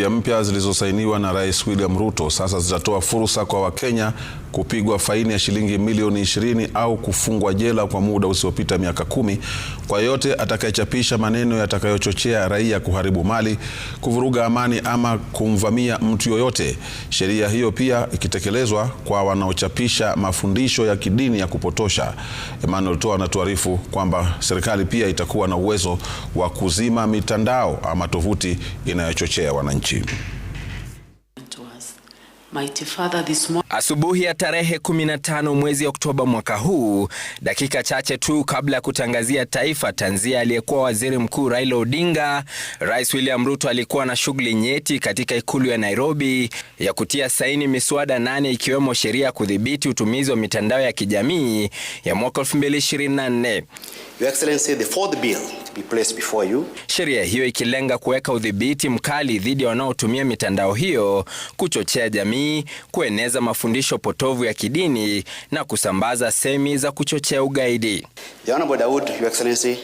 Sheria mpya zilizosainiwa na Rais William Ruto sasa zitatoa fursa kwa Wakenya kupigwa faini ya shilingi milioni 20 au kufungwa jela kwa muda usiopita miaka kumi kwa yote atakayechapisha maneno yatakayochochea raia kuharibu mali, kuvuruga amani ama kumvamia mtu yoyote. Sheria hiyo pia ikitekelezwa kwa wanaochapisha mafundisho ya kidini ya kupotosha. Emmanuel Toa anatuarifu kwamba serikali pia itakuwa na uwezo wa kuzima mitandao ama tovuti inayochochea wananchi nchi. Asubuhi ya tarehe 15 mwezi Oktoba mwaka huu, dakika chache tu kabla ya kutangazia taifa tanzia aliyekuwa waziri mkuu Raila Odinga, Rais William Ruto alikuwa na shughuli nyeti katika ikulu ya Nairobi ya kutia saini miswada nane ikiwemo sheria ya kudhibiti utumizi wa mitandao ya kijamii ya mwaka 2024. Your Excellency, the fourth bill be placed before you. Sheria hiyo ikilenga kuweka udhibiti mkali dhidi ya wanaotumia mitandao hiyo kuchochea jamii, kueneza mafundisho potovu ya kidini na kusambaza semi za kuchochea ugaidi. The Honorable Daud, Your Excellency,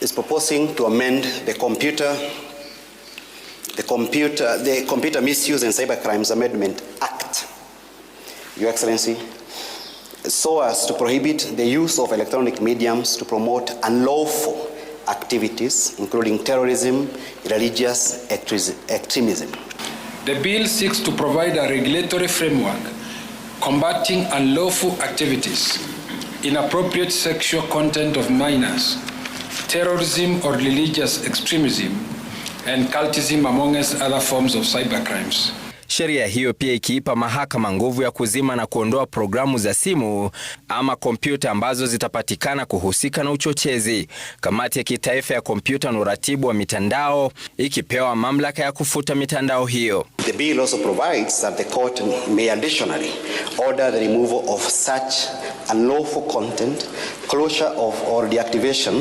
is proposing to amend the computer the computer the Computer Misuse and Cybercrimes Amendment Act. Your Excellency so as to prohibit the use of electronic mediums to promote unlawful activities, including terrorism, religious extremism. The bill seeks to provide a regulatory framework combating unlawful activities, inappropriate sexual content of minors, terrorism or religious extremism, and cultism among other forms of cybercrimes. sheria hiyo pia ikiipa mahakama nguvu ya kuzima na kuondoa programu za simu ama kompyuta ambazo zitapatikana kuhusika na uchochezi. Kamati ya kitaifa ya kompyuta na uratibu wa mitandao ikipewa mamlaka ya kufuta mitandao hiyo. The bill also provides that the court may additionally order the removal of such unlawful content closure of or deactivation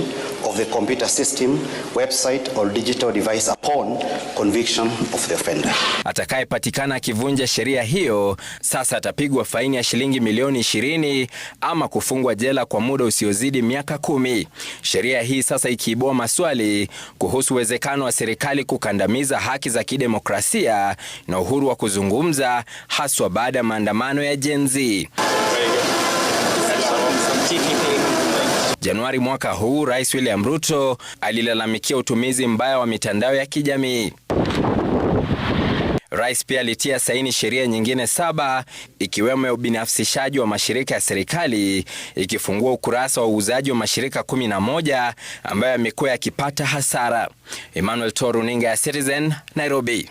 of the computer system, website or digital device upon conviction of the offender. Atakayepatikana akivunja sheria hiyo sasa atapigwa faini ya shilingi milioni ishirini ama kufungwa jela kwa muda usiozidi miaka kumi. Sheria hii sasa ikiibua maswali kuhusu uwezekano wa serikali kukandamiza haki za kidemokrasia na uhuru wa kuzungumza haswa baada ya maandamano ya Gen Z. Januari mwaka huu, Rais William Ruto alilalamikia utumizi mbaya wa mitandao ya kijamii. Rais pia alitia saini sheria nyingine saba ikiwemo ya ubinafsishaji wa mashirika ya serikali ikifungua ukurasa wa uuzaji wa mashirika 11 ambayo yamekuwa yakipata hasara. Emmanuel Toruninga ya Citizen, Nairobi.